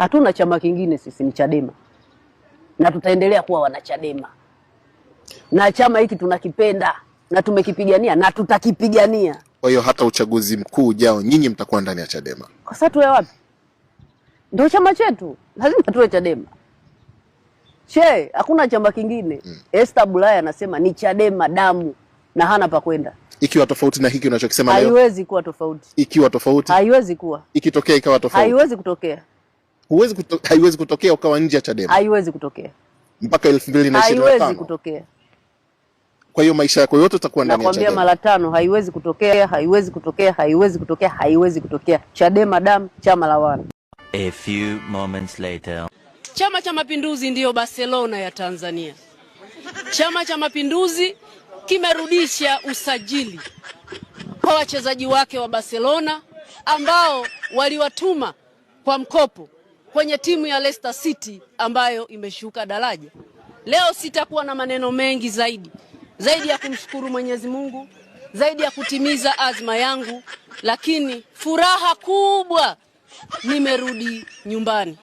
Hatuna chama kingine, sisi ni Chadema na tutaendelea kuwa wanachadema, na chama hiki tunakipenda na tumekipigania na tutakipigania. Kwa hiyo hata uchaguzi mkuu ujao nyinyi mtakuwa ndani ya Chadema. Kwa sasa tuwe wapi? Ndio chama chetu, lazima tuwe Chadema. Che, hakuna chama kingine mm. Esther Bulaya anasema ni Chadema damu na hana pa kwenda. Ikiwa tofauti na hiki unachokisema leo, haiwezi kuwa tofauti. Ikiwa tofauti, haiwezi kuwa. Ikitokea ikawa tofauti, haiwezi kutokea huwezi kuto, haiwezi kutokea ukawa nje ya Chadema, haiwezi kutokea mpaka 2025 haiwezi kutokea. Kwa hiyo maisha yako yote utakuwa ndani ya Chadema. Nakwambia mara tano, haiwezi kutokea, haiwezi kutokea, haiwezi kutokea, haiwezi kutokea. Chadema damu, chama la wana. A few moments later. Chama cha Mapinduzi ndiyo Barcelona ya Tanzania. Chama cha Mapinduzi kimerudisha usajili kwa wachezaji wake wa Barcelona ambao waliwatuma kwa mkopo kwenye timu ya Leicester City ambayo imeshuka daraja. Leo sitakuwa na maneno mengi zaidi zaidi ya kumshukuru Mwenyezi Mungu, zaidi ya kutimiza azma yangu, lakini furaha kubwa nimerudi nyumbani.